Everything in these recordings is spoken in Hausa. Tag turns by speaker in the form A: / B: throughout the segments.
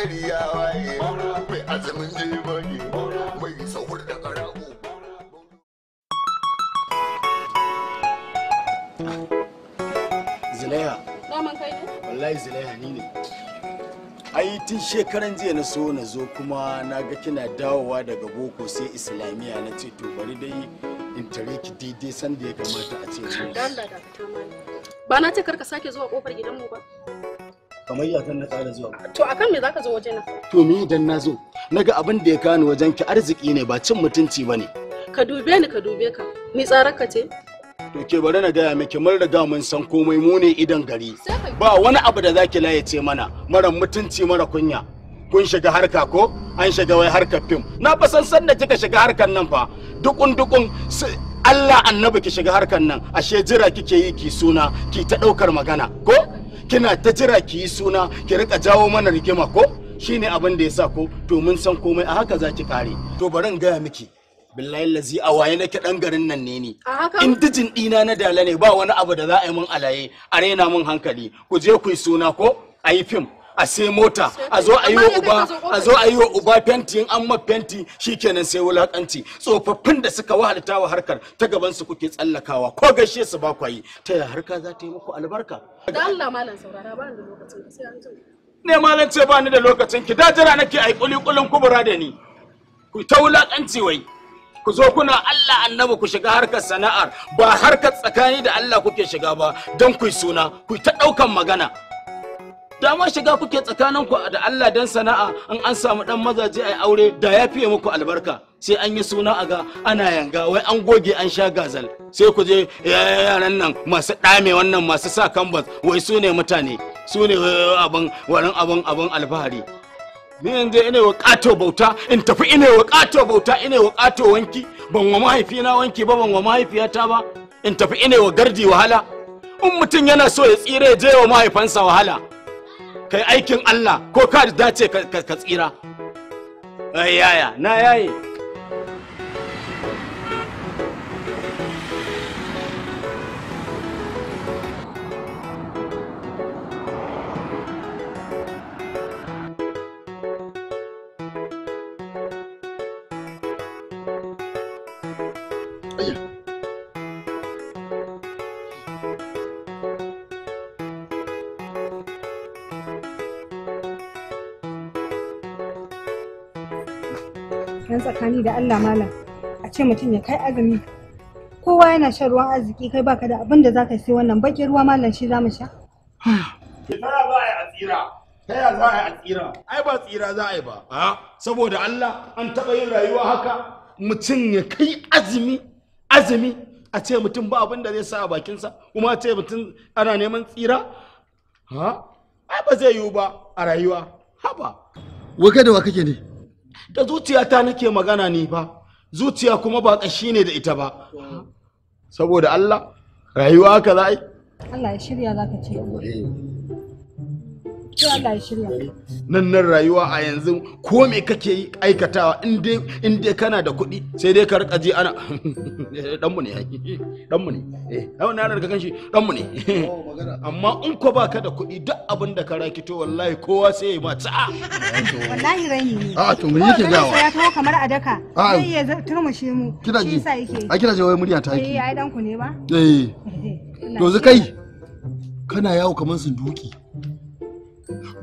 A: tun
B: shekaran jiya na so na zo kuma na ga kina dawowa daga boko sai islamiyya na ce to bari dai in tare ki daidai sanda ya kamata a ce.
C: Ba na ce karka sake zuwa kofar gidanmu ba.
B: kamar ya kan na ƙara zuwa
C: to To akan me zaka zo wajena?
B: To me idan na zo naga abin da ya kani wajen ki arziki ne ba cin mutunci ba ne.
C: Ka dube ni ka dube ka ni tsararka ce.
B: To ke bari na gaya miki mun riga mun san komai mu ne idan gari. Ba wani abu da zaki laye ce mana mara mutunci mara kunya. kun shiga harka ko an shiga wai harkar fim na fa san san da kika shiga harkar nan fa dukun dukun Allah annabi ki shiga harkar nan ashe jira kike yi ki suna ki ta daukar magana ko kina ta jira ki yi suna ki rika jawo mana rigima ko shine abin da ya sa ko to mun san komai a haka zaki ki kare to bari in gaya miki billahi lazi a waye nake dan garin nan ne ni dijin dina na dala ne ba wani abu da za a yi mun alaye a rena mun hankali ku je ku yi suna ko a yi fim a sai mota a zo a yi wa uba a zo a yi wa uba fenti in an ma fenti shikenan sai wulakanci tsofaffin da suka wahalta wa harkar ta gaban su kuke tsallakawa ko gaishe su ba kwayi ta ya harka za ta yi muku albarka
C: da Allah malam saurara ba da lokacin sai an
B: ne malam ce ba ni da lokacin ki da jira nake ai kulikulin kubura da ni ku ta wulakanci wai ku zo kuna Allah annabi ku shiga harkar sana'ar ba harkar tsakani da Allah kuke shiga ba don ku suna ku ta daukan magana dama shiga kuke tsakaninku da Allah dan sana'a in an samu dan mazaje ai aure da ya fiye muku albarka sai an yi suna a ga ana yanga wai an goge an sha gazal sai ku je yaran nan masu dame wannan masu sa kambas wai su ne mutane su ne eh, abin warin abin abin alfahari ni yanzu ina wa bauta in tafi ina wakato bauta ina wakato wanki ban wa mahaifina wanki ba ban wa mahaifiyata ba in tafi ina wa gardi wahala in mutum yana so ya tsire je wa mahaifansa wahala kai aikin Allah ko ka dace ka tsira ai na yaye
D: azumi da Allah malam a ce mutum ya kai azumi kowa yana shan ruwan arziki kai baka da abin da zaka sai wannan baƙin ruwa malam shi zamu sha
E: za a tsira za yi tsira ai ba
B: tsira za a yi ba saboda Allah an taɓa yin rayuwa haka
D: mutum ya kai
B: azumi azumi a ce mutum ba abin da zai sa a bakinsa kuma a ce mutum ana neman tsira ha ai ba zai yiwu ba a rayuwa haba waka da wa kake ne da zuciyata nake magana ni ba zuciya kuma ba ƙashi ne da ita ba saboda Allah rayuwa ka za'i
D: Allah ya shirya za ka ce
B: nan nan rayuwa a yanzu ko me kake aikatawa in dai kana da kuɗi sai dai ka rika ji ana ɗanmu ne ɗanmu ne eh na rika kanshi ɗanmu ne amma in ko baka da kuɗi duk abin da ka rakito wallahi kowa sai ya ma ta'a wallahi
D: raini ne a ah, to mun yake gawa ya kawo kamar a daka sai ah. ya turmushe mu shi kina yake a kira je wai murya ta yake eh ai danku ne ba eh to
B: kai kana yawo kamar sunduki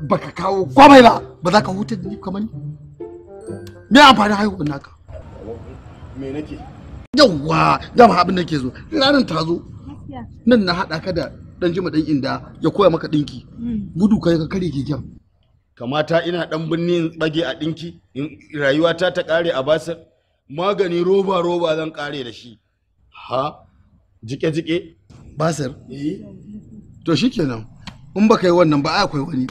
B: baka kawo komai ba ba za ka huta da ni kamar ni me amfani haihuwar naka me nake yawwa dama abin nake ke zo ranar ta zo nan na haɗa ka da dan jima dan inda ya koya maka dinki mm. gudu kai ka kare keken kamata ina dan binni in bage a dinki rayuwa ta ta kare a basir magani roba roba zan kare da shi ha jike jike basir eh. to shikenan in baka yi wannan ba akwai wani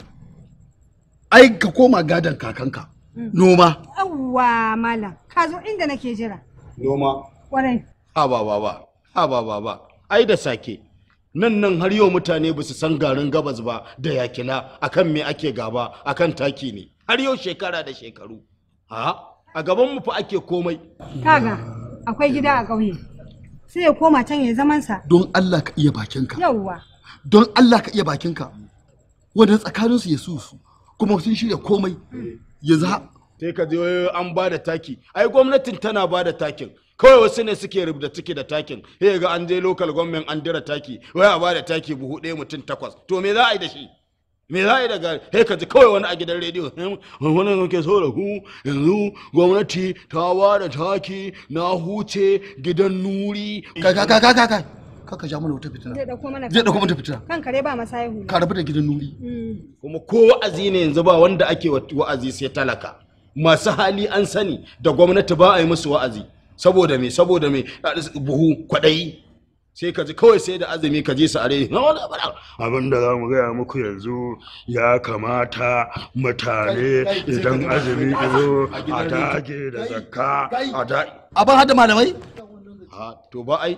B: ai ka koma gadon kakanka
D: mm. noma yawwa malam ka zo inda nake jira noma kwarai
B: ha ba ba ba ha ba ba ba ai da sake nan nan har yau mutane ba su san garin gabas ba da yakina akan me ake gaba akan taki ne har yau shekara da shekaru ha a gaban mu fa ake komai
D: kaga akwai gida a ƙauye sai ya koma can ya zaman sa
B: don Allah ka iya bakinka yawwa don Allah ka iya bakinka wanda tsakaninsu ya su su kuma sun shirya komai yanzu sai ka je an ba da taki ai gwamnatin tana ba da takin kawai wasu ne suke rubuta ciki da takin sai ga an je lokal government an dira taki wai a ba da taki buhu ɗaya mutum takwas to me za a yi da shi me za a yi daga sai ka ji kawai wani a gidan rediyo hmm, wani kake so da ku yanzu gwamnati ta ba da taki na huce gidan nuri kai kai kai kai kaka ja mana wata fitina zai
D: dauko mana zai fitina kanka dai ba masayihu ka rabu da gidan nuri mm.
B: kuma ko wa'azi ne yanzu ba wanda ake wa'azi sai talaka masu hali an sani da gwamnati ba a yi musu wa'azi saboda me saboda me buhu kwadai sai ka ji kawai sai da azumi ka ji su are abin da za mu gaya muku yanzu ya kamata mutane idan azumi zo a dage da zakka a ta abin hada malamai to ba ai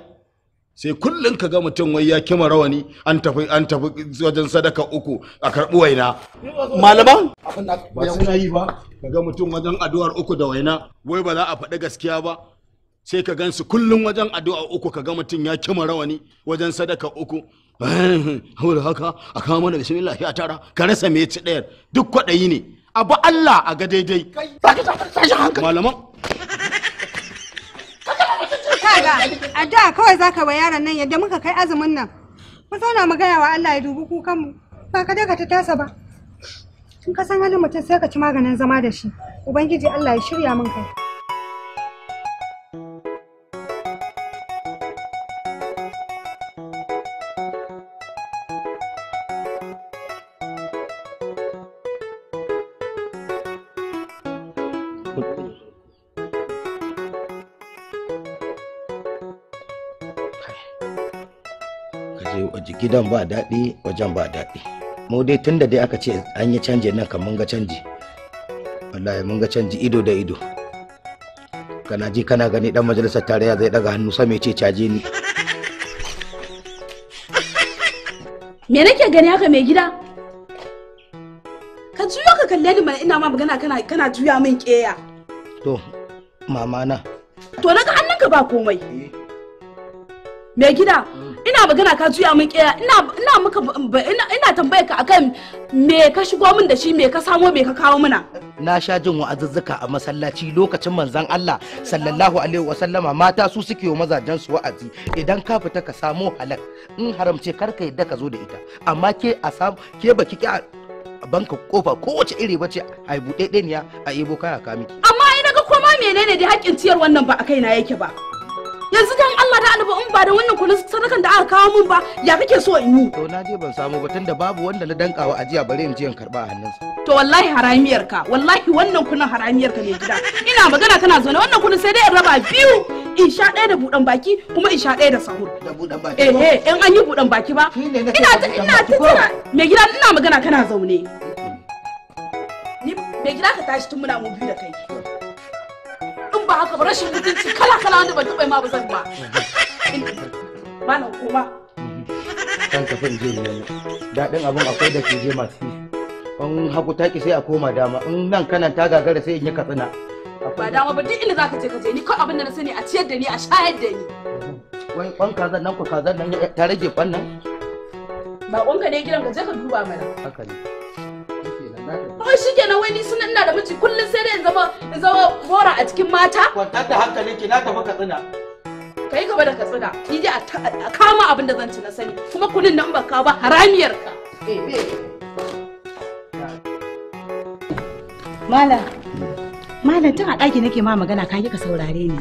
B: sai kullum ka ga mutum wai ya kima rawani an tafi an tafi wajen sadaka uku a karbi waina malaman ba suna yi ba ka ga mutum wajen addu'ar uku da waina wai ba za a faɗi gaskiya ba sai ka gansu kullum wajen addu'a uku ka ga mutum ya kima rawani wajen sadaka uku eh, hau da haka a kama mana bismillah ya tara ka rasa me ci ɗayar duk kwaɗayi ne abu Allah a ga daidai malaman
D: addu'a kawai zaka wa yaron nan yadda muka kai azumin nan Mun zauna mu gaya wa Allah ya dubi kukan mu ba ka daga ta tasa ba in ka san halin mutum sai ka ci maganin zama da shi ubangiji Allah ya shirya min kai
B: gidan ba daɗi wajen ba daɗi mu dai tun da dai aka ce an yi canji nan kan mun ga canji wallahi mun ga canji ido da ido kana ji kana gani dan majalisar tarayya zai daga hannu sama ce caje ni
C: me nake gani haka mai gida ka juyo ka kalle ni mana ina ma magana kana kana juya min keya
B: to mama na
C: to naga hannunka ba komai eh. me gida mm. ina magana ka juya min kiya ina ina muka ina ka akan me ka shigo min da shi me ka samo me ka kawo mana
B: na sha jin wa'azuzzuka a masallaci lokacin manzon Allah sallallahu alaihi wa sallama mata su suke wa mazajen su wa'azi idan ka fita ka samo halal in haramce kar ka yadda ka zo da ita amma ke a samu ke baki ki banka kofa kowace iri bace a yi buɗe ɗaniya a ibo kaya ka miki
C: amma ina ga koma menene dai haƙƙin
B: ciyar wannan ba a kaina yake ba
C: yanzu dan Allah da alba in ba da wannan kullu sadakan da aka kawo min ba
B: ya kake so in yi to na je ban samu ba tunda babu wanda na dankawa ajiya bare in je in karba a hannunsa to wallahi haramiyar ka
C: wallahi wannan kunan haramiyar ka ne gida ina magana kana zaune wannan kunun sai dai in raba biyu in sha ɗaya da buɗan baki kuma in sha ɗaya da sahur
B: da buɗan baki eh
C: eh in an yi buɗan baki ba ina ina tana me gida ina magana kana zaune ni me gida ka tashi tun muna mu biyu da kai ba haka ba rashin mutunci kala kala wanda ban taɓa ma ba zan ba Mana kuma
B: kan tafi in je in nemo daɗin abin akwai da ke je masu in haku taki sai a koma dama in nan kanan ta gagara sai in yi katsina
C: ba dama ba duk inda zaka je ka je ni kawai abin da na sani a ciyar da ni a shayar da ni
B: wai kwan kazan nan ku kazan nan ta rage kwan nan
C: ba ka ne gidan ka je ka duba mana haka ne shike na wai ni sun ina da miji kullum sai dai in zama in zama bora a cikin mata kwantar da hankalinki na tafi katsina kai gaba da katsina ki dai a kama abin da zan ci na sani kuma kullun nan ba ka ba haramiyar ka eh,
F: Malam, mala tun a ɗaki nake ma magana kayi ka saurare ni.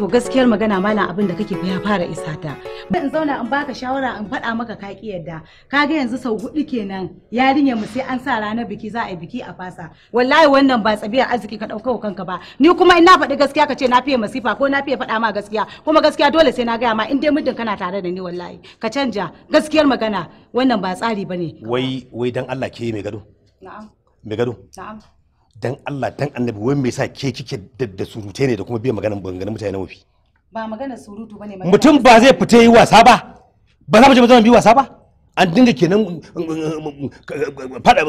F: to gaskiyar magana malam abin da kake ya fara isa ta in zauna in baka shawara in faɗa maka ka ki yadda kaga yanzu sau hudu kenan yarinyar mu sai an sa ranar biki za a yi biki a fasa wallahi wannan ba tsabiyar arziki ka ɗauka kanka ba ni kuma in na faɗi gaskiya ka ce na fiye masifa ko na fiye faɗa ma gaskiya kuma gaskiya dole sai na gaya ma in dai muddin kana tare da ni wallahi ka canja gaskiyar magana wannan ba tsari bane
B: wai wai dan Allah ke mai gado na'am mai gado na'am dan Allah dan annabi wai me yasa ke kike da surute ne da kuma biyan maganar maganganun mutane mafi ba maganar surutu bane mutum ba zai fita yi wasa ba ba za mu je mu bi wasa ba an dinga kenan um, um, um, fada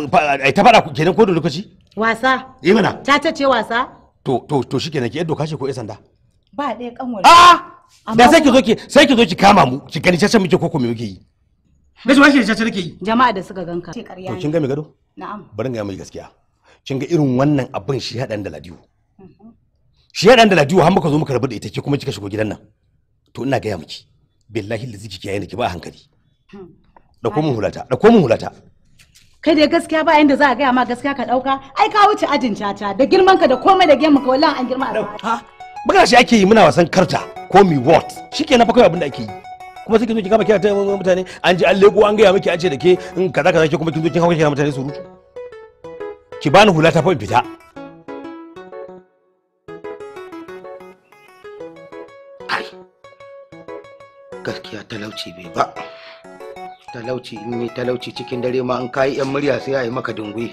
B: ta fada kenan ko da lokaci wasa eh mana
F: ta ta ce wasa
B: to to to shikenan ki yaddo kashe ko ya sanda
F: ba ɗaya kanwar a ah! da sai ki zo ki
B: sai ki zo ki kama mu ki gani cacen muke koko me muke yi ba hmm. shi washe nake yi
F: jama'a da suka ganka to kin ga me gado na'am
B: bari ga mai gaskiya kin ga irin wannan abin shi haɗan da ladiyo shi haɗan da ladiyo har muka zo muka rabu da ita ke kuma kika shigo gidan nan to ina gaya miki billahi da ziki kiyaye ki ba hankali da ko mun hulata da ko mun hulata
F: kai dai gaskiya ba yanda za a gaya ma gaskiya ka dauka ai ka wuce ajin chacha da girman ka da komai da gemu ka wallahi an girma a ha
B: baka shi ake yi muna wasan karta ko mi what shikenan fa kai abin da ake yi kuma sai kin zo ki kama kira mutane an ji an lego an gaya miki an ce da ke in kaza kaza ke kuma kin zo kin hawo kira mutane rutu ki bani hula ta fa fita ai gaskiya talauci bai ba talauci in ni talauci cikin dare ma an kayi yan murya sai a yi maka dungwe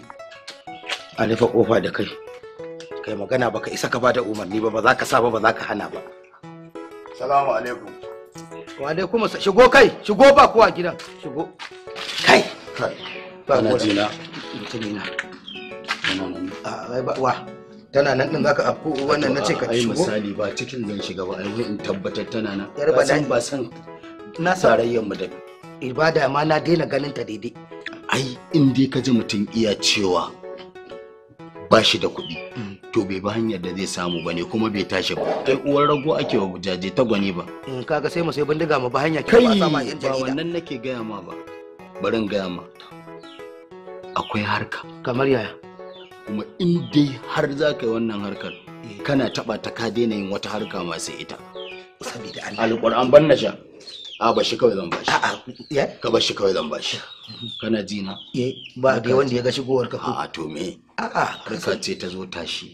B: a rufe kofa da kai kai magana baka isa ka bada umarni ba ba za ka sa ba ba za ka hana ba salamu alaikum wa kuma shigo kai shigo ba kuwa gidan shigo kai ba na jina mutumina wa tana nan din zaka afko wannan ce ka shigo ai misali ba cikin zan shiga ba ai in tabbatar tana nan yar ba san ba san na sarayyar mu da ibada ma na daina ganin ta daidai ai in dai ka ji mutum iya cewa ba shi da kuɗi mm. to bai ba hanyar da zai samu bane kuma bai tashi ba ai uwar rago ake wa gujaje ta gwani ba in mm, kaga sai mu sai bindiga mu ba hanya kai ba wannan nake gaya ma ba barin gaya ma akwai harka kamar yaya kuma in dai har za ka yi wannan harkar kana taɓa ta ka daina yin wata harka masu ita saboda alƙur'an ban na sha a ba shi kawai zan bashi ka ba shi kawai zan bashi kana ji na ba dai wanda ya ga shigowar kafin a to me a'a harka ce ta zo tashi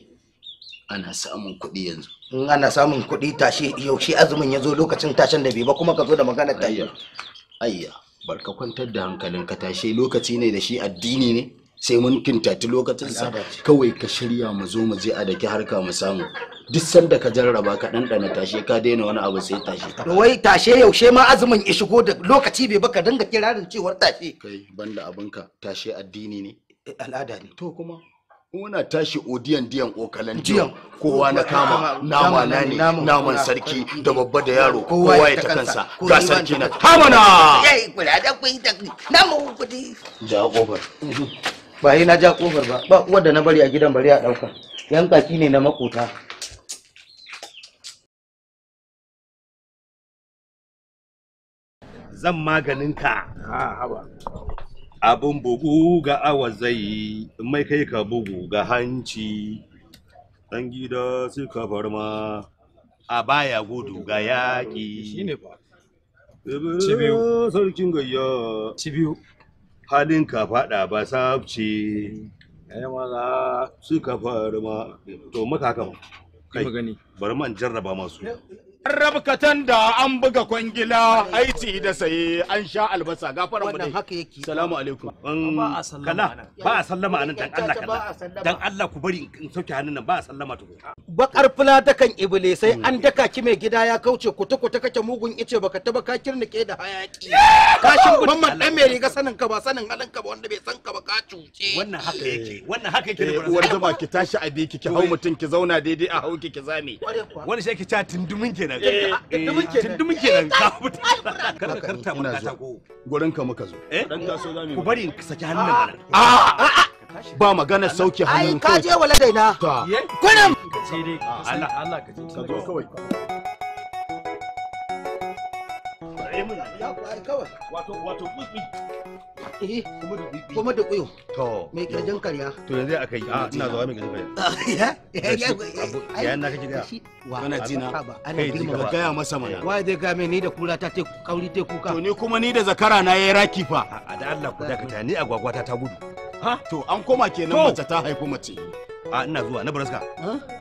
B: ana samun kuɗi yanzu in ana samun kuɗi tashi yaushe azumin ya zo lokacin tashin da bai ba kuma ka zo da maganar tashi ayya barka kwantar da hankalin ka tashe lokaci ne da shi addini ne sai mun kintati lokacin sa kawai ka shirya mu zo mu je a daki harka mu samu duk sanda ka jarraba ka ɗanɗana tashe ka daina wani
A: abu sai tashe wai tashe yaushe ma azumin
B: ya shigo da lokaci bai baka dinga kirarin cewar tashe kai banda abinka tashe addini ne eh, al'ada ne to kuma muna tashi odiyan diyan okalan diyan kowa na kama nama na ne naman sarki da babba da yaro kowa ya ta kansa ga sarki na kama na ja kofar mhm. ba yi na ja kofar ba ba uwar da na bari a gidan bari a
G: ɗauka yan kaki ne na makota zan maganin ka
B: abin bugu ga awa zai mai kai ka bugu ga hanci dan gida suka farma a baya gudu ga
H: yaƙi shine ba sarkin gayya cibiyu
B: halin ka faɗa ba sabce ya maza ka faru ma to maka haka kai bari man jarraba masu rabkatan da an buga kwangila aiti da sai an sha albasa gafaran mu dai salamu alaikum an um, a ba a sallama anan dan Allah kana dan Allah ku bari in sauke hannun nan ba a sallama tukun bakar fula kan ibile sai hmm. an daka ki mai gida ya kauce kuta kuta kake mugun ice baka taba ka kirnike da hayaki kashin mamman dan mai riga sanin ka ba sanin halin ka ba wanda bai san ka ba ka cuce wannan haka yake eh. wannan haka yake da eh, uwar zama ki tashi a biki ki hau mutum ki zauna daidai a hauki ki zame wani sai ki ta tundumin kenan eh, tundumin kenan tundumin kenan ka fita kada karta mun ka tago gurin ka muka zo dan
E: ku bari in saki hannun ah.
B: a a ah! ah, ba magana sauke hannun kai ka je wala
H: daina kullum Allah Allah ka ji kawai
B: ɗaya mun ya kwari kawai wato wato eh, kuma da kuyo to mai kirjin karya to yanzu aka yi a ah, ina zuwa mai kirjin karya ya na kace ga kana na? ana girma ga gaya masa mana wai dai ga mai ni da kula ta te kauri te kuka to ni kuma ni da zakara na yayi raki fa a da Allah ku dakata ni agwagwata ta gudu ha to an koma kenan mace ta haifi mace a ina zuwa na baraska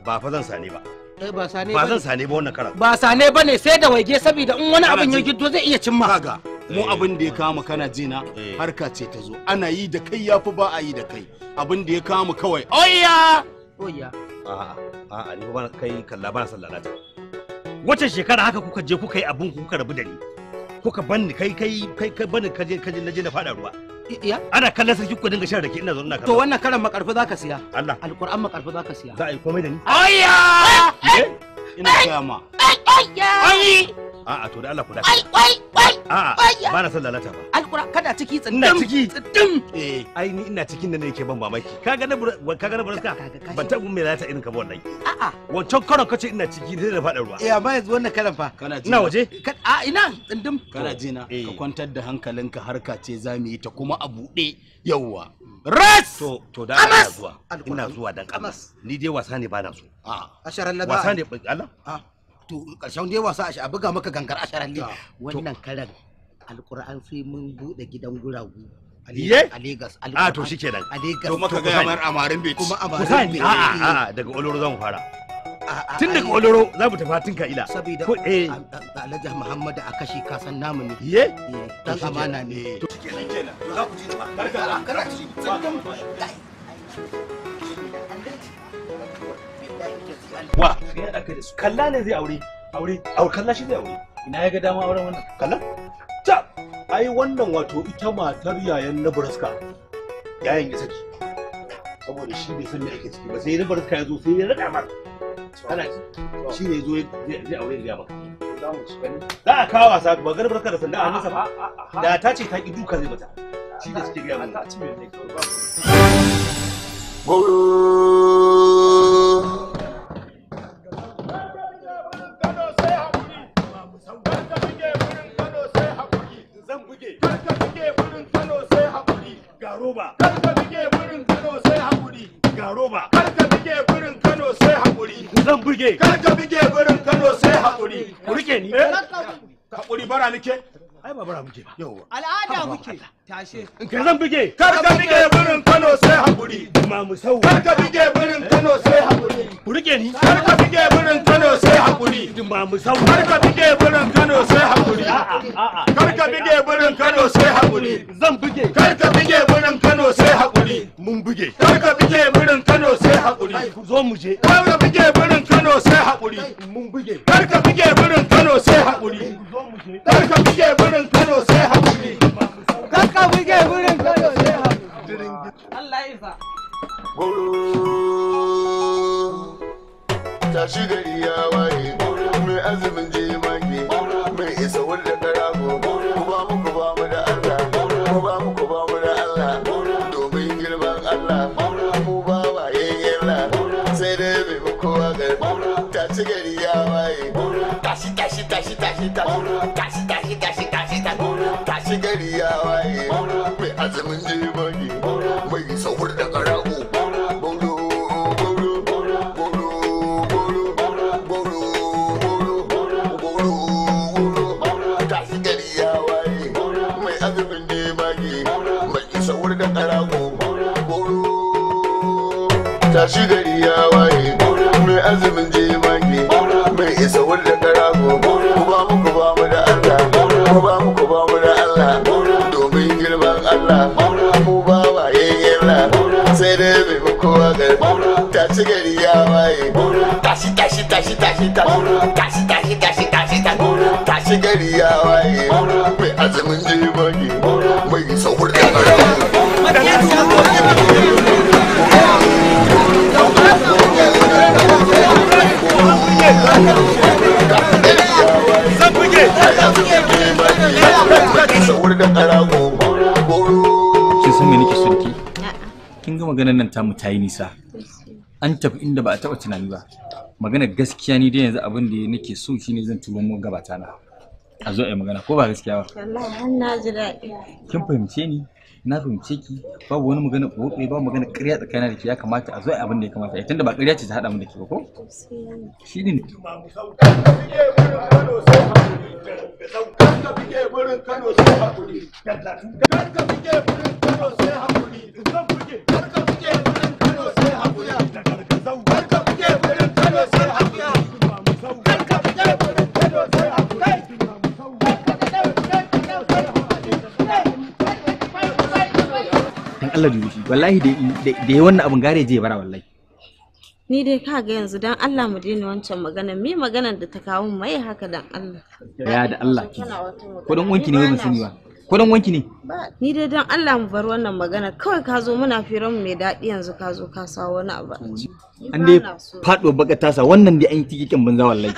B: ba fa zan sani ba Eh, ba zan sane ba wannan karan ba sane ba ne sai da waige saboda in wani abin ya giddo zai iya cimma kaga mu eh. abin da ya kama kana jina eh. harka ce ta zo ana yi da kai yafi ba a yi da kai abin da ya kama kawai oya oya a'a a'a ni ba kai kalla ba san lalata wacce shekara haka kuka je kuka yi abin kuka rabu da ni kuka banni kai kai kai banni kaje kaje naje na fada ruwa Iya? Ana kallon sarki ko dinga shan rake ina zo na kallon. To wannan karan makarfi zaka siya. Allah. Alƙur'an makarfi zaka siya. Za a yi komai da ni. Ayya! Eh? ina gaya ma
G: ai
B: a'a to da Allah kula ai ai ai a'a ba na son lalata ba alkura kada ciki tsindim ina ciki tsindim eh ai ni ina cikin da ne yake ban mamaki kaga na kaga na buraska ban taɓa mai lalata irin ka ba wallahi a'a wancan karon kace ina ciki sai da faɗa ruwa eh amma yanzu wannan karan fa kana ji ina waje a ina tsindim kana ji na eh. ka kwantar da hankalinka harka ce zamu yi ta kuma a buɗe yawwa ras to to da ina zuwa ina zuwa dan kamas ni dai wasa ne bana so a asharan wasa ne Allah to karshen dai wasa a buga maka gangar asharan ne wannan karan alquran sai mun bude gidan guragu
G: Aliye? A Legas. to To maka ga amarin beach. Kuma amarin A'a
B: daga Oloro zan fara. tun daga oloro za mu tafi tun ka'ila saboda eh. alhaji muhammadu a kashi kasan namu ne ye dan amana ne eh. to kenan kenan za ku ji ba karka karka ci wa ya da su kalla ne zai aure aure aure kalla shi zai aure ina ya ga dama auren wannan kalla ta ai wannan wato ita matar yayan na buraska yayin ya saki saboda shi bai san me ake ciki ba sai na buraska ya zo sai ya rada mata kana a kawo wasa ba da sanda
E: a
B: ba da ta ce ta ki duka zai mata
E: shi ne suke gaya mata ai babura muke yawa al'ada muke ka zan bige kar ka bige Kano sai hakuri ma mu sau kar ka bige birnin Kano sai hakuri ku rike ni kar ka bige birnin Kano sai hakuri ma mu sau kar ka bige birnin Kano sai hakuri kar ka bige Kano sai hakuri zan bige kar ka bige Kano sai hakuri mun bige kar ka bige Kano sai hakuri ku zo mu je kar ka bige Kano sai hakuri mun bige kar ka bige Kano sai hakuri Karka buge burin Kano sai Kano sai
A: Allah ya tashi tashi tashi tashi tashi tashi tashi tashi tashi tashi tashi tashi tashi tashi tashi ya tashi tashi tashi tashi tashi tashi tashi Kin tashi tashi tashi
I: tashi kin ga maganar nan tamu ta yi nisa an tafi inda ba a taɓa tunani ba magana gaskiya ni dai yanzu abin da nake so shine zan turo mu gabata na a zo ai magana ko ba gaskiya ba
J: wallahi
I: kin fahimce ni na fahimce ki babu wani magana ko-ko ƙoƙo babu magana ƙarya tsakanin da ke ya kamata a zo ai abin da ya kamata ai tunda ba ƙarya ce ta haɗa mu da ke ba ko
G: shi ne Kar ka fike burin Kano sai hakuri, fike, ka fike burin
I: Allah wallahi da yi wannan abin gare je bara wallahi
J: ni dai ka ga yanzu dan Allah mu daina wancan magana mi maganar da ta kawo mai haka dan Allah ya da Allah kudin wanki ne ba
I: sani ba kudin wanki ne
J: ni dai dan Allah mu bar wannan magana kawai ka zo muna firan mu mai daɗi yanzu ka zo ka sa wani abu an dai
I: faɗo baka tasa wannan dai an yi tikikin banza wallahi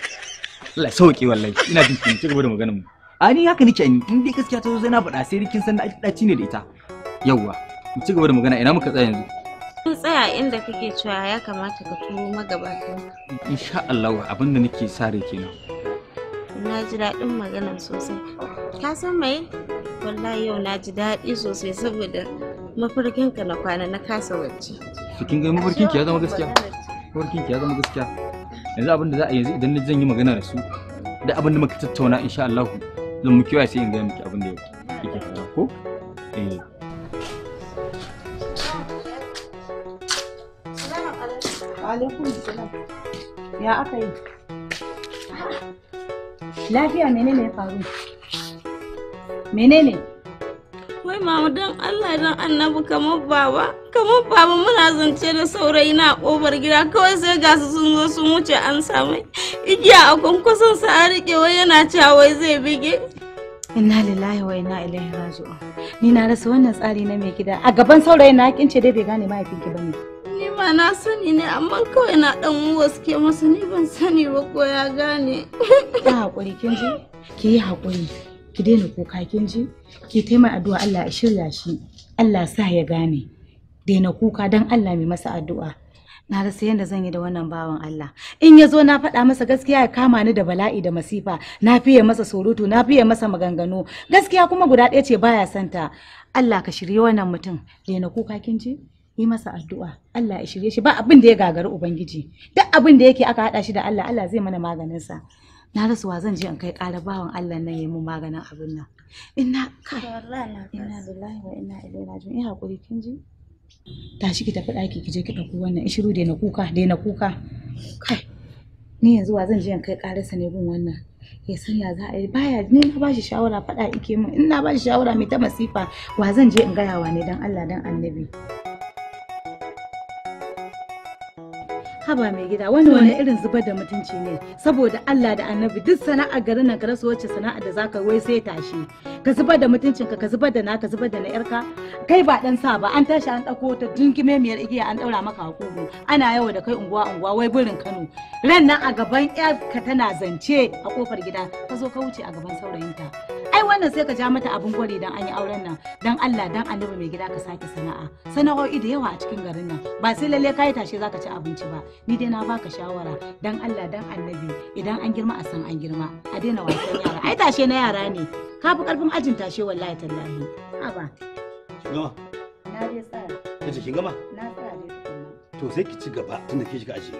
I: Allah sauke wallahi ina jin kin ci gaba da maganar mu a ni haka nake ni in dai gaskiya ta zo zai na faɗa sai rikin san da ɗaci ne da ita yawwa mu ci gaba da magana ina muka tsaya yanzu
J: kun tsaya inda kake cewa ya kamata ka turo magabatan
I: insha Allah abinda nake sare kenan
J: na ji daɗin maganar sosai ka san mai wallahi yau na ji daɗi sosai saboda mafarkin ka na kwana na kasa wacce
I: cikin ga mafarkin ki ya zama gaskiya mafarkin ki ya zama gaskiya yanzu abin da za a yanzu idan na zan yi magana da su da abin da muka tattauna insha Allah zan muke waya sai in ga miki abin da yake faruwa ko
E: eh
F: ya aka yi lafiya menene ya faru menene wai
J: mama don allah don annabi kamar baba kamar baba muna zance da saurayi na kobar gida kawai sai ga su sun zo su wuce an samu igiya a kwankwason sa a rike wai yana cewa wai zai bige
F: inna lillahi wa inna ilaihi raji'un ni na rasa wannan tsari na mai gida a gaban saurayi na kince dai bai gane mahaifinki bane
J: ni ma na sani ne amma kawai na dan suke masa ni ban sani ba ko ya gane ki
F: hakuri kin ji ki yi hakuri ki daina kuka kin ji ki taimai addu'a Allah ya shirya shi Allah sa ya gane daina kuka dan Allah mai masa addu'a na rasa yadda zan yi da wannan bawan Allah in ya zo na faɗa masa gaskiya ya kama ni da bala'i da masifa na fiye masa surutu na fiye masa maganganu gaskiya kuma guda ɗaya ce baya santa Allah ka shirye wannan mutum daina kuka kin ji yi masa addu'a Allah ya shirye shi ba abin da ya gagari ubangiji duk abin da yake aka haɗa shi da Allah Allah zai mana maganin sa na rasu wa zan je in kai ƙara bawan Allah nan yayi mu maganin abin nan ina kai ina lillahi wa ina ilaihi raji'un ina hakuri kin ji tashi ki tafi ɗaki ki je ki ɗauko wannan ishiru dai na kuka dai na kuka kai ni yanzu wa zan je in kai ƙararsa ne gun wannan ya san ya za a yi baya ni na bashi shawara faɗa ike min in na bashi shawara mai ta masifa wa zan je in gaya wa ne dan Allah dan annabi haba mai gida wani wani irin zubar da mutunci ne saboda Allah da annabi duk sana'a garin na ka rasa wacce sana'a da zaka wai sai tashi ka zubar da mutuncin ka ka zubar da ka zubar da na yarka kai ba dan sa ba an tashi an dauko ta dingime miyar igiya an daura maka hakuru ana yawa da kai unguwa unguwa wai burin Kano ran nan a gaban yarka ka tana zance a kofar gida ka zo ka wuce a gaban saurayinta ai wannan sai ka ja mata abin gwari dan an yi auren nan dan Allah dan annabi mai gida ka sake sana'a sana'o'i da yawa a cikin garin nan ba sai lalle kai tashe zaka ci abinci ba ni dai na baka shawara dan Allah dan annabi idan an girma a san an girma a daina wasan yara ai tashe na yara ne ka fi karfin ajin tashe wallahi tallahi haba gama na dai sa ka kin gama na sa ne
B: to sai ki ci gaba tunda ke shiga aji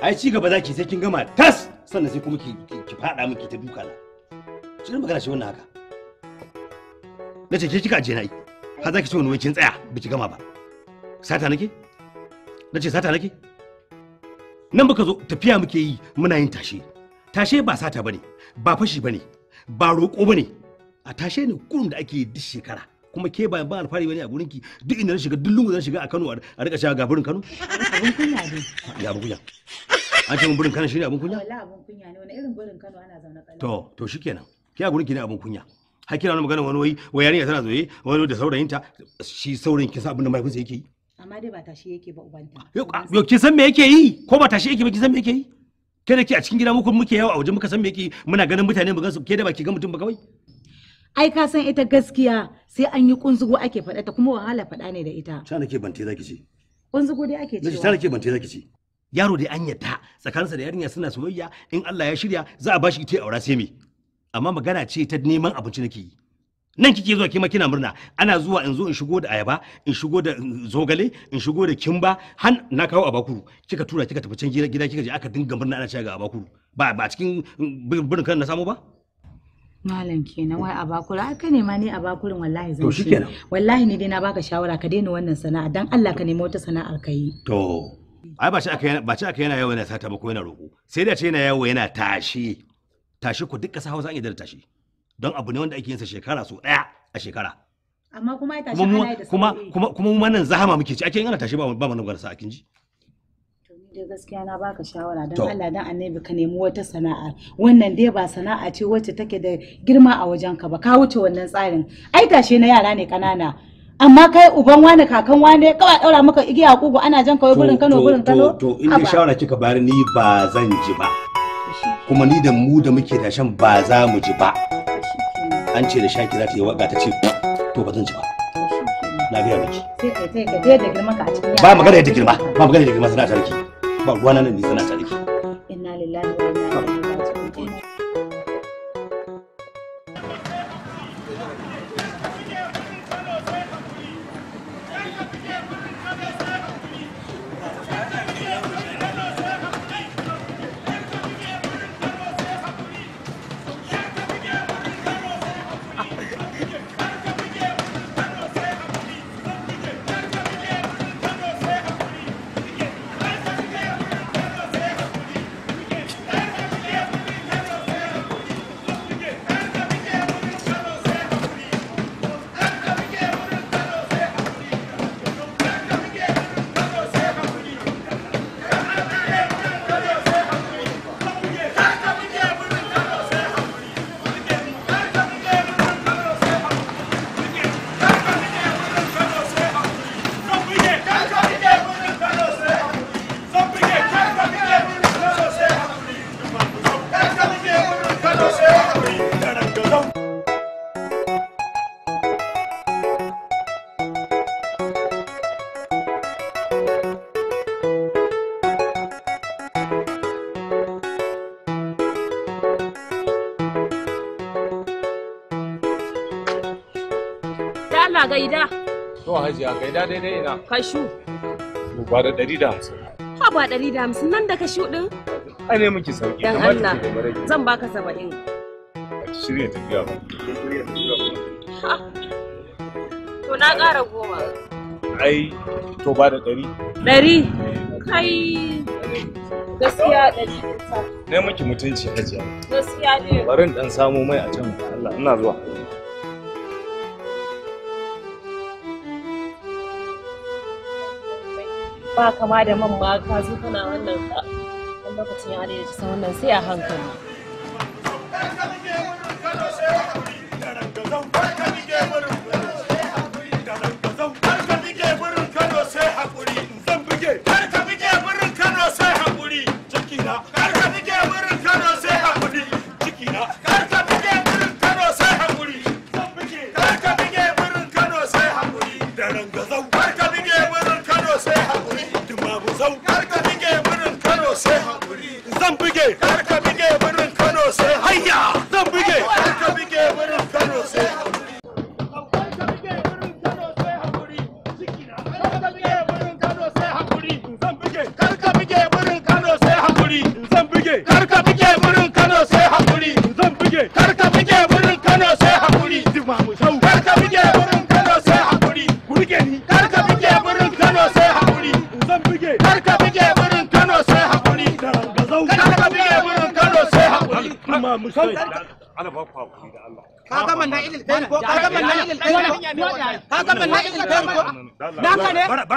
B: ai ci gaba zaki sai kin gama tas sannan sai kuma ki ki fada miki ta duka na shi magana shi wannan haka na ce ke kika je na yi har za ki ce wani wai kin tsaya ba ki gama ba sata nake na ce sata nake nan muka zo tafiya muke yi muna yin tashe tashe ba sata bane ba fashi bane ba roƙo bane a tashe ne kurum da ake duk shekara kuma ke ba ba alfari bane a gurin ki duk inda na shiga duk lungu zan shiga a Kano a rika shiga gaburin Kano
F: abun
B: kunya ne ya abun kunya an ce mun burin Kano shine abun kunya
F: wallahi abun kunya ne wani irin burin Kano ana zaune kallon to
B: to shikenan ki a gurin ki ne abin kunya har kina magana wani wai wai yarinya tana zoye wani da saurayinta shi saurayin kisa abin da kusa yake yi
F: amma dai ba ta shi yake ba
B: ubanta yo kin san me yake yi ko ba ta shi yake ba kin san me yake yi kai ki a cikin gida muku muke yawa a waje muka san me yake yi muna ganin mutane mu gansu ke da baki ga mutum ba kawai
F: ai ka san ita gaskiya sai an yi kunzugo ake faɗa ta kuma wahala faɗa ne da ita
B: ta nake bante zaki ce
F: kunzugo dai
G: ake cewa ta
B: nake bante zaki ce yaro dai an yadda tsakaninsa da yarinya suna soyayya in Allah ya shirya za a bashi ita aura sai me amma magana ce ta neman abinci nake yi nan kike zuwa kima kina murna ana zuwa in zo in shigo da ayaba in shigo da zogale in shigo da kimba har na kawo abakuru kika tura kika tafi can gida kika je aka dinga murna ana cewa ga abakuru ba ba cikin mm, birnin kan na samu ba
F: Malam kenan wai abakuru ai ka ne ma ne abakurin wallahi zan shi wallahi ne dai na baka shawara ka daina wannan sana'a dan Allah ka nemi wata sana'ar ka yi
B: to ai ba shi aka ba shi aka yana yawo yana sata ba ko yana roko sai da ce yana yawo yana tashi tashi ku duk sahau hausa an yi da tashi don abu ne wanda ake yin sa shekara so ɗaya a shekara
F: amma kuma ya tashi ana da kuma kuma
B: kuma mu nan zahama muke ci ake yin ana tashi ba ba mana sa akin ji
F: dai gaskiya na baka shawara don Allah dan annabi ka nemi wata sana'a wannan dai ba sana'a ce wacce take da girma a wajenka ba ka wuce wannan tsarin ai tashe na yara ne kanana amma kai uban wani kakan wani kawai daura maka igiya kugu ana jan
G: kawai burin Kano burin Kano
B: to to in shawara kika bayar ni ba zan ji ba kuma ni da mu da muke da shan ba za mu ji ba an ce da shaki za ta yi waka ta ce to ba zan ji ba na biya miki ba magana da girma ba magana da girma sana tarki ba ruwana nan ni sana tarki inna lillahi
F: wa inna ilaihi raji'un
C: hajiya kai Kashu.
H: Ba da
I: ɗari
C: da hamsin. nan da kashu ɗin? Dan Allah zan baka saba'in.
E: Shirya tafiya ba.
B: To na ƙara goma.
E: Ai to ba ɗari.
G: Kai gaskiya ɗari.
I: Ne miki mutunci hajiya.
G: Gaskiya ne. Barin
I: ɗan samo mai a can Allah ina zuwa.
C: ba kama da man ba ka zo kana wannan
E: wani lokacin ya da
C: ta wannan sai a hankali.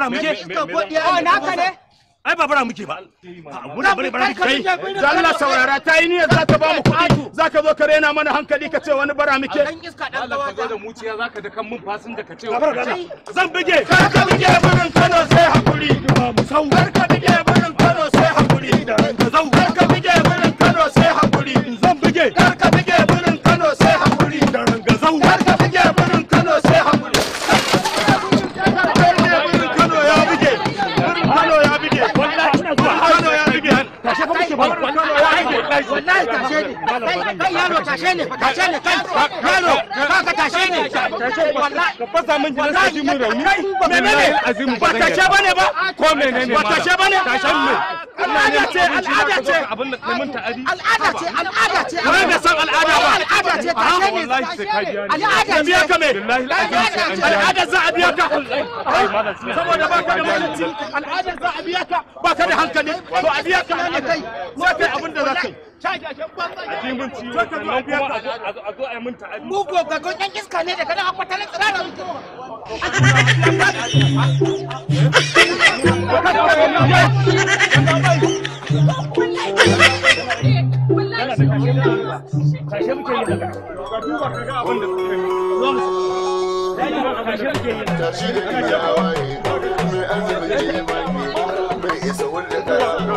G: bara muke oh naka ne
E: ai ba bara muke ba bara muke kai Allah saurara ta yi niyya za ta ba mu zo ka rena mana hankali ka ce wani bara muke dan
I: iska dan gawa da muciya za da kan
E: mun fasin da ka ce zan bige ka bige Kano sai hakuri sau fasa min jinin sa mun rauni menene ba ta ce bane ba ko menene ba ta bane ta al'ada ce al'ada ce al'ada ce al'ada ce wai da san al'ada ba al'ada ce ta ce wallahi biya ka me al'ada za a biya ka saboda ba ka da mutunci al'ada za a biya ka ba ka da hankali to a biya ka kai abin da za ka yi a ji mun ciwo sannan kuma a a yi mun ta'adi mu ko ga gonyan ne an kwata nan
G: tsirara muke
A: Kashe yi Ka ka da suke yi. yi yi yi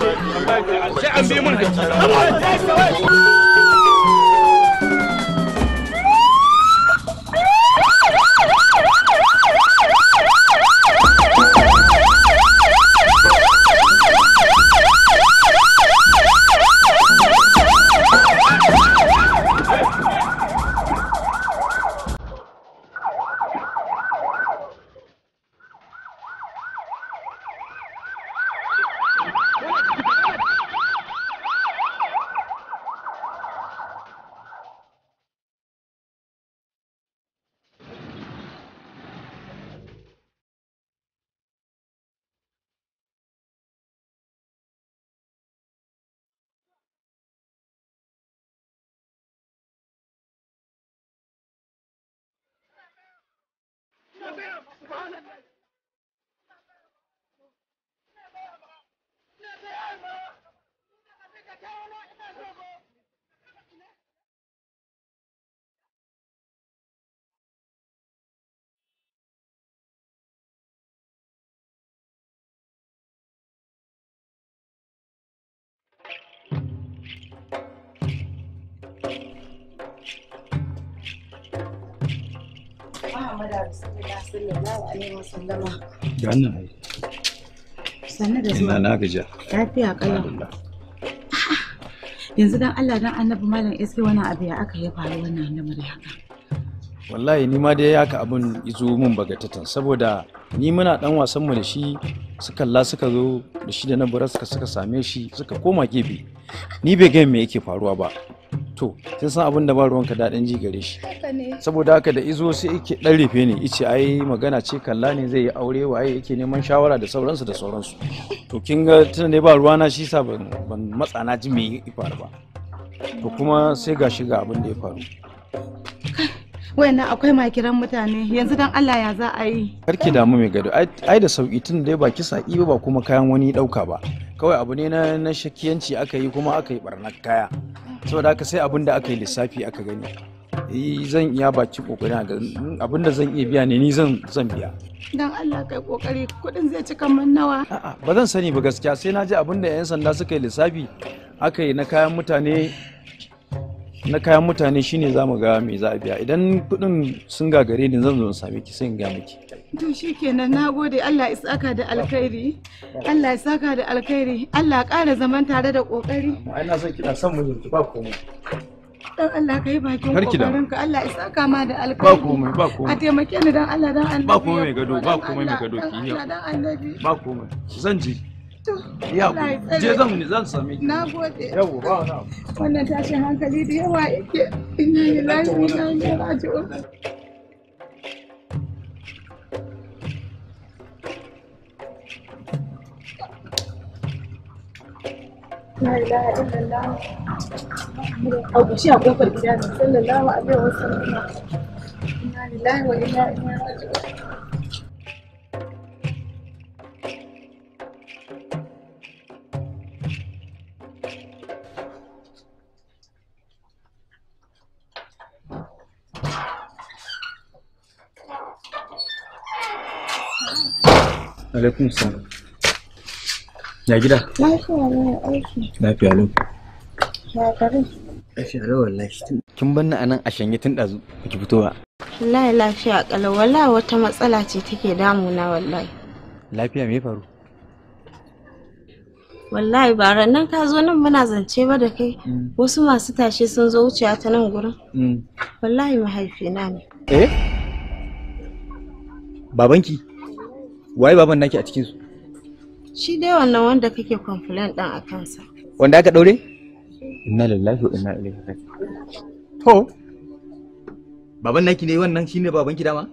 G: sai
E: an bi mun hakki
F: Yanzu dan Allah dan Annabi Malam SK wannan abu ya aka ya faru wannan lamari haka.
H: Wallahi ni ma dai ya haka abun izo min bagatatan saboda ni muna dan wasan mu da shi suka la suka zo da shi da na buras suka suka same shi suka koma gefe ni bai ga me yake faruwa ba so sun san abin da ba ruwanka daɗin ji gare shi saboda haka da izo sai yake ɗan rufe ne ice ai magana ce kalla ne zai yi aure waye yake neman shawara da sauransu da sauransu to kin ga tunda ne ba na shi sa ban matsa na ji me ya faru ba to kuma sai ga shiga abin da ya faru
F: wayannan akwai makiran mutane yanzu don Allah ya za a yi
H: karki damu mai gado ai da sauki tun dai ba kisa iba ba kuma kayan wani dauka ba kawai abu ne na shakiyanci aka yi kuma aka yi barnar kaya saboda haka sai abin da aka yi lissafi aka gani zan iya baki kokarin ga abin da zan iya biya ne ni zan zan biya
F: dan Allah kai kokari kudin zai cika min nawa a'a
H: ba zan sani ba gaskiya sai na ji abin da yan sanda suka yi lissafi aka yi na kayan mutane na kayan mutane shine za mu ga me za a biya idan kudin sun gagare ni zan zo in same ki sai in ga miki
F: to shikenan nagode Allah ya saka da alkhairi Allah ya saka da alkhairi Allah ya ƙara zaman tare da kokari
H: ai na son kina mu mijinki ba komai
F: dan Allah kai bakin kokarin ka Allah ya saka ma da alkhairi ba
H: komai ba komai a
F: taimake ni dan Allah dan annabi ba komai gado ba komai mai gado ki
H: ba komai zan ji 要好，你认识吗？那
F: 过去。叫我放下。我的家乡还可以的，坏一点。你来云南，你那
G: 就。哪来？哪里
F: 来？阿弥，阿弥陀佛，阿弥陀佛，阿弥陀佛，
G: 哪里来？我今天，我来
H: alaikum salam ya gida
G: lafiya ne aiki lafiya lau ya gari
I: lafiya lau wallahi kin banna anan a shanye tun dazu ki fito ba
J: wallahi lafiya kalau wallahi wata matsala ce take damuna wallahi
I: lafiya me faru
J: wallahi ba ranar ka zo nan muna zance ba da kai mm. wasu masu tashe sun zo wuce ta nan gurin mm. wallahi mahaifina ne
I: eh babanki waye baban naki a cikin su
J: shi dai wannan wanda kake complain din a kansa
I: wanda aka daure inna lillahi wa inna ilaihi raji'un to baban naki ne wannan shine baban ki dama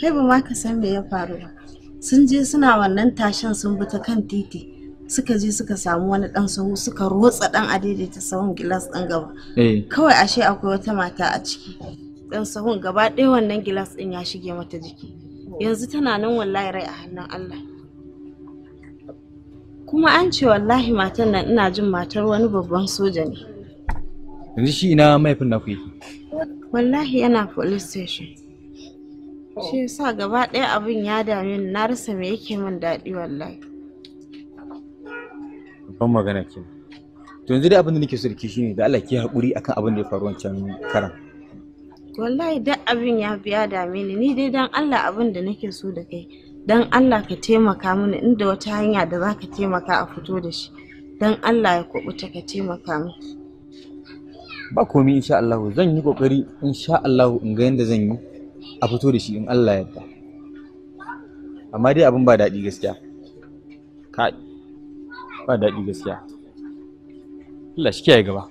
J: kai ba ma ka san me ya faru ba sun je suna wannan tashin sun bi ta kan titi suka je suka samu wani dan sahu suka rotsa dan adaidaita sahun gilas din gaba eh. kawai ashe akwai wata mata a ciki dan sahun gaba ɗaya wannan gilas din ya shige mata jiki yanzu tana nan wallahi rai a hannun Allah kuma an ce wallahi matan nan ina jin matar wani babban soja ne
I: yanzu shi ina mahaifin naku
J: wallahi yana police station shi yasa gaba ɗaya abin ya dame ni na rasa me yake min daɗi wallahi
I: babban magana kenan to yanzu dai abin da nake so da ke shine da Allah ke haƙuri akan abin da ya faru wancan karan
J: wallahi duk abin ya biya dame ni ni dai dan Allah abin da nake so da kai dan Allah ka taimaka mini inda wata hanya da zaka taimaka a fito da shi dan Allah ya kubuta ka taimaka min
I: ba komai insha Allah zan yi kokari insha Allah in ga yanda zan yi a fito da shi in Allah ya yarda amma dai abin ba daɗi gaskiya ka ba daɗi gaskiya Allah shi kiyaye gaba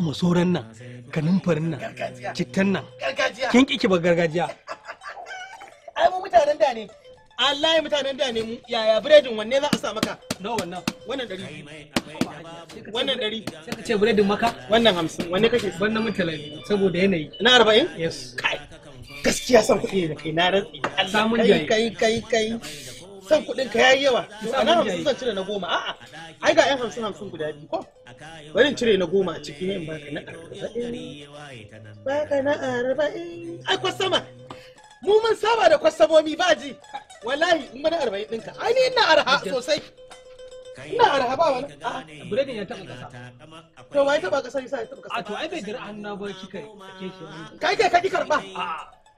B: masoran nan kanumfarin nan cittan nan kin kike ba gargajiya ai mu mutanen da ne Allah ya mutanen da ne mu yaya biredin wanne za a sa maka no wannan wannan dari wannan dari sai ka ce biredin maka wannan hamsin wanne kake wannan mutane saboda yanayi na arba'in yes kai gaskiya san kuɗi da kai na rantsi Allah mun kai kai kai san kuɗin ka yayi yawa ana na hamsin zan cire na goma a'a ai ga yan hamsin hamsin guda biyu ko bari cire na goma a ciki ne in baka na arba'in baka na arba'in ai kwastama mu mun saba da kwastamomi ba ji wallahi in na arba'in ɗinka ai ni ina arha sosai ina arha ba wani a buredin ya taɓa ƙasa to wa ya taɓa ƙasa yasa ya taɓa ƙasa a to ai bai jira hannu na ba kika kai kai ka ki karɓa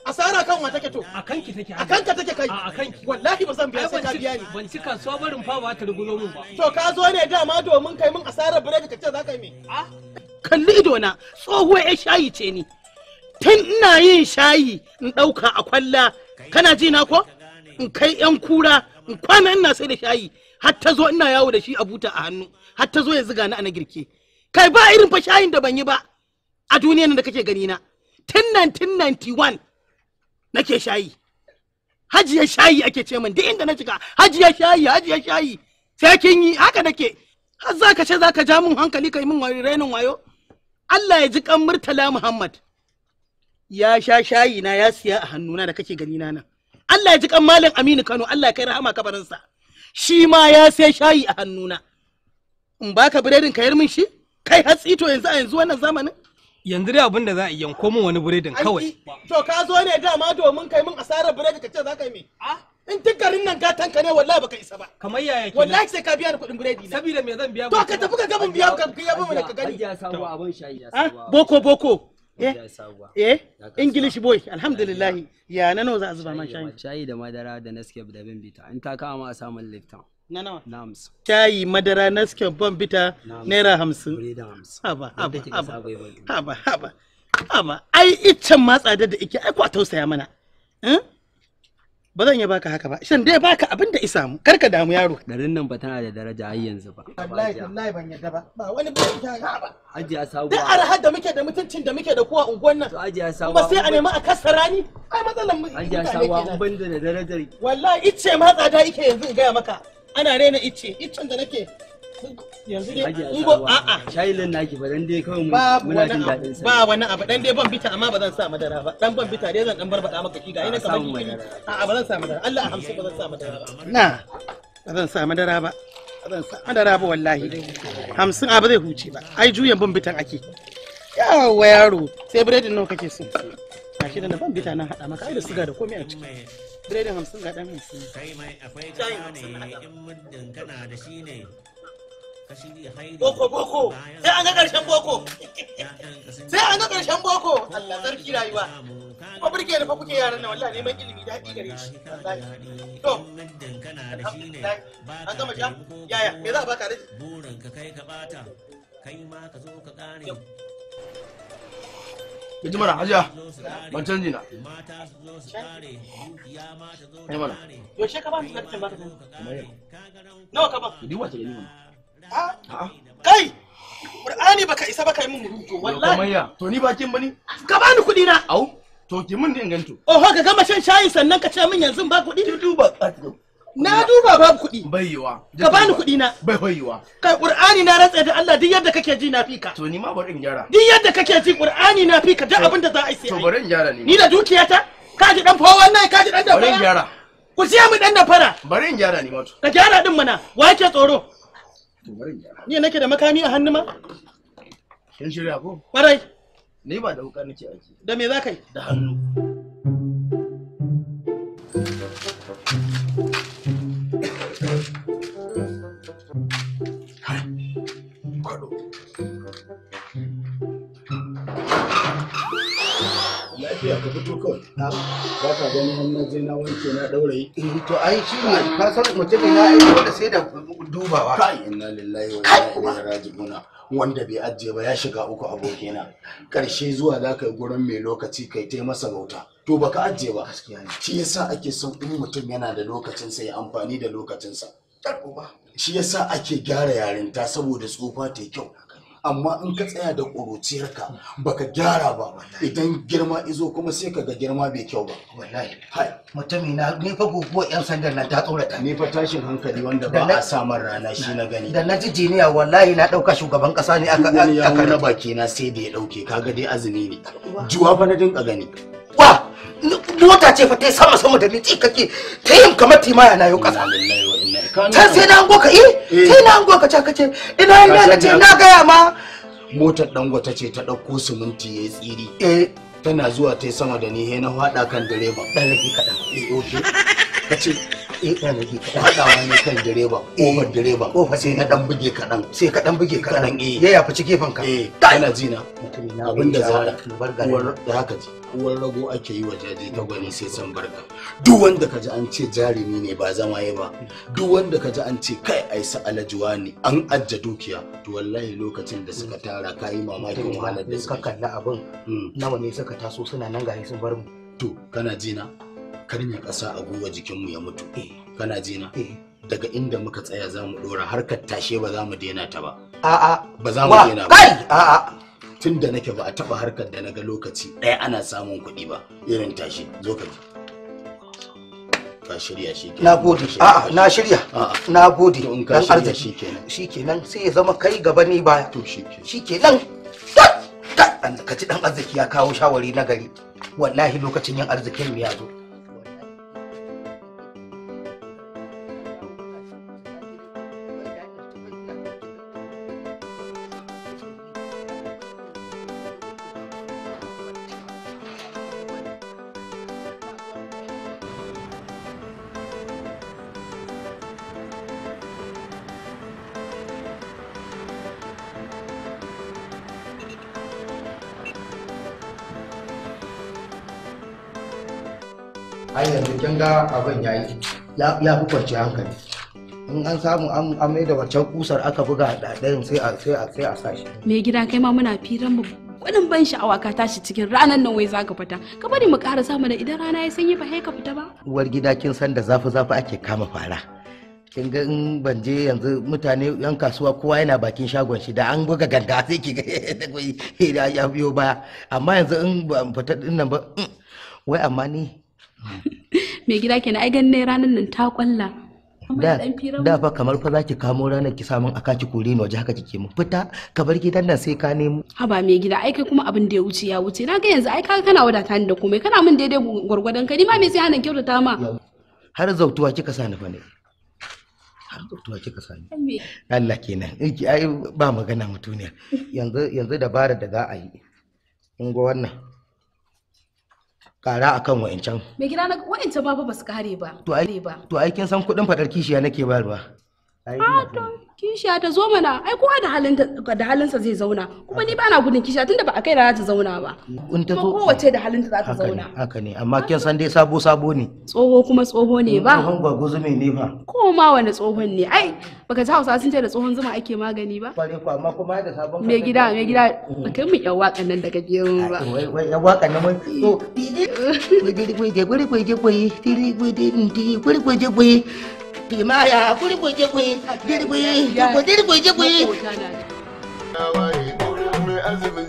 B: asara kan wa take to a kanki take a kanka take kai a kanki wallahi ba zan biya sai ka biya ni ban ci kasuwa barin fa ba ta rugulo min ba to ka zo ne dama domin kai min asarar biredi ka ce za ka yi me a ah? kalli ido na tsohuwar ya shayi ce ni tun ina yin shayi in dauka a kwalla kana ji na ko in kai yan kura in kwana ina sai da shayi har ta zo ina yawo da shi a buta a hannu har ta zo ya zuga ni na girke kai ba irin fa shayin da ban yi ba a duniyar da kake gani na tun 1991 nake shayi hajiya shayi ake ce min duk inda na shiga hajiya shayi hajiya shayi sai kin yi haka nake har za ka ce za ka ja min hankali ka yi min rainin wayo Allah ya ji kan murtala Muhammad ya sha shayi na ya siya a hannuna da kake gani na nan Allah ya ji kan malam Aminu Kano Allah ya kai rahama kabarinsa shi ma ya sai shayi a hannuna in baka biredin ka yar min shi kai hatsi to yanzu a yanzu wannan zamanin yanzu dai abin da za a yi yanko min wani biredin kawai to ka zo ne dama domin kai min asarar buredin ka ce za ka yi me in tukarin nan ka tanka ne wallahi baka isa ba kamar yaya ke? wallahi sai ka biya ni kuɗin biredi na saboda me zan biya to ka tafi ka ga mun biya ka biya mun ka gani ya sabu abin shayi ya ah, sabu boko boko eh eh english boy alhamdulillah ya nano za a zuba man shayi shayi da madara da naske da bimbi ta in ta kama a samun lifta. na nawa na hamsin shayi madara na skin ban bita naira hamsin haba haba haba haba haba ai iccen ma tsada da ike ai kwa tausaya mana hm? ba zan iya baka haka ba shan dai baka abin da isa mu karka damu yaro garin nan ba tana da daraja har yanzu ba wallahi wallahi ban yadda ba ba wani ba ita ba haji ya sabuwa duk arhar da muke da mutuncin da muke da kowa unguwan nan to haji ya sabuwa kuma sai a nemi a kassara ni ai matsalan mu haji ya sabuwa ban da darajar wallahi ice ma tsada yake yanzu in gaya maka ana rena ice icen da nake yanzu ne? ungo a'a shayin naki ba dan dai kawai muna jin dadin sa ba wani abu dan dai ban bita amma ba zan sa madara ba dan ban bita dai zan dan barbada maka kiga ina kamar baki a'a ba zan sa madara Allah a hamsin ba zan sa madara ba na ba zan sa madara ba zan sa madara ba wallahi hamsin abu zai huce ba ai juyan ban bitan ake yawa yaro sai biredin nawa kake so gashi da ban bita na hada maka ai da siga da komai a ciki Biredin hamsin ga ɗan hamsin. Kai mai akwai kana ne in muddin kana da shi ne. Boko boko sai an ga ƙarshen boko. Sai an ga ƙarshen boko. Allah sarki rayuwa. Ko burge da fa kuke yaran nan wallahi neman ilimi da haƙi gare shi. To. An gama ja Yaya me za a baka da? Burin ka kai ka bata. Kai ma ka zo ka ƙare. ya mana hajiya ban canji na ya mana shi ka ba su zartin ba ka canji nawa ka ba ni wata gani mana kai Qur'ani baka isa baka yi min murutu wallahi kamayya to ni kin bani ka bani kuɗi na au to ki min da inganto oho ka gama shan shayi sannan ka ce min yanzu ba kuɗi duba na duba babu kuɗi bai yiwa ka bani kuɗi na bai yiwa kai qur'ani na rantsa da Allah duk yadda kake ji na fika to ni ma bari in gyara duk yadda kake ji qur'ani na fika duk abin da za a yi sai to bari in gyara ni ni da dukiyata ka ji dan fawa wannan ka ji dan da bari in gyara ku siya mu dan da fara bari in gyara ni mato ka gyara din mana wa yake tsoro to bari in gyara ni nake da makami a hannu ma kin shirya ko kwarai ni ba da wuka nake aiki da me za kai da hannu lafiya ka fito kawai na ba ka gani har na je na wanke na eh, to ai shi ne ka san mutum ne ya wanda sai da
A: dubawa kai inna lillahi wa inna ilaihi raji'un
B: wanda bai ajiye ba ya shiga uku abokina karshe zuwa za ka yi gurin mai lokaci kai tai masa bauta to baka ajiye ba shi yasa ake son in mutum yana da lokacinsa ya amfani da lokacinsa shi yasa ake gyara yarinta saboda tsufa ta kyau amma in ka tsaya da ƙuruciyarka baka gyara ba idan girma izo kuma sai ka ga girma bai kyau ba wallahi hai mutumi na ne fa guguwa yan sandan na ta tsorata ne fa tashin hankali wanda ba a samun rana shi na gani da na ji jiniya wallahi na dauka shugaban kasa ne aka aka na baki na sai da ya dauke kaga dai azumi ne juwa fa na dinka gani wa mota ce fa ta sama sama da ni kake ta yin kamar timaya na yau kasa
A: ta sai na ango
B: ka eh, eh. sai na ango ka ce ka ce ina ina na ce na gaya ma motar dangwata ce ta ɗauko siminti ya tsiri eh tana zuwa ta sama da ni he na hwada kan direba dan rage kaɗan eh okay ka ce eh ɗan nake kaɗan haɗawa ne kan direba ƙofar eh. direba ƙofa sai na ɗan buge kaɗan sai ka ɗan buge kaɗan eh ya yafi ci gefen ka eh kana ji na abin da zara uwar da haka ji uwar rago ake yi wa jaje ta gwani sai san barka duk wanda ka ji an ce jarumi ne ba zama ya ba duk wanda ka ji an ce kai ai sa alajuwa ne an ajja dukiya to wallahi lokacin da suka tara ka yi mamakin wahalar da suka kalla abin hmm. nawa ne suka taso suna nan gari sun bar mu to kana ji na karni ƙasa a gwiwa jikinmu ya mutu eh. kana ji na eh. daga inda muka tsaya za mu ɗora harkar tashe ba za mu daina ta ba a'a ba za mu daina ba kai a'a tun da nake ba a taɓa harkar da na ga lokaci ɗaya ana samun kuɗi ba irin tashe zo ka ji ka shirya shi kenan na gode a'a na shirya na gode ka arziki shi kenan sai ya zama kai gaba ni baya to shi kenan ka ji dan arziki ya kawo shawari na gari wallahi lokacin yin arzikin mu ya zo ga abin yi ya fi kwanci hankali in an samu an mai da wancan kusar aka buga da ɗayan sai a sai a sai a sashi
C: me gida kai ma muna firan mu gwanin ban sha'awa ka tashi cikin ranar nan wai za ka fita ka bari mu ƙara samu da idan rana ya sanyi ba sai ka fita ba
B: uwar gida kin san da zafi zafi ake kama fara kin ga in ban je yanzu mutane yan kasuwa kowa yana bakin shagon shi da an buga ganda sai ki ga ya biyo baya amma yanzu in ban fita din nan ba mm, wai amma ni
C: mm, mai gida kenan ai ganin ranar nan ta kwalla
B: da fa kamar fa zaki kamo ranar ki samun aka ki kore ni waje haka kike mu fita ka bar gidan nan sai ka nemo
C: haba mai gida ai kai kuma abin da ya wuce ya wuce na ga yanzu ai ka kana wadata ni da komai kana min daidai gwargwadon ka ni ma me sai hanan kyautata ma
B: har zautuwa kika sani fa ne har zautuwa kika sani Allah kenan ai ba magana mutuniya yanzu yanzu dabarar da za a yi in ga wannan kara akan wa'ancan
C: me gida na wa'ancan ba ba su kare ba
B: to ai kin san kuɗin fadar kishiya nake bayarwa
C: Ah, a kishiya ta zo mana ai kowa da halin da zai zauna kuma ni ba na gudun kishiya tunda ba a kai da za ta zauna ba. In ta zo kowace da halin da za ta zauna.
B: Haka ne amma kin san dai sabo sabo ne.
C: Tsoho kuma tsoho ne ba.
B: Tsohon ne ba.
C: Ko wani tsohon ne ai baka ji Hausa sun ce da tsohon zuma ake magani ba. Kware ko amma kuma da sabon. Me gida me gida baka mu wakan nan daga biyu ba.
B: Wai yan wakan nan wai to. Kwai kwai Timaya kurbuji gwi dirbi dirbi dirbi gwi.
A: Azumin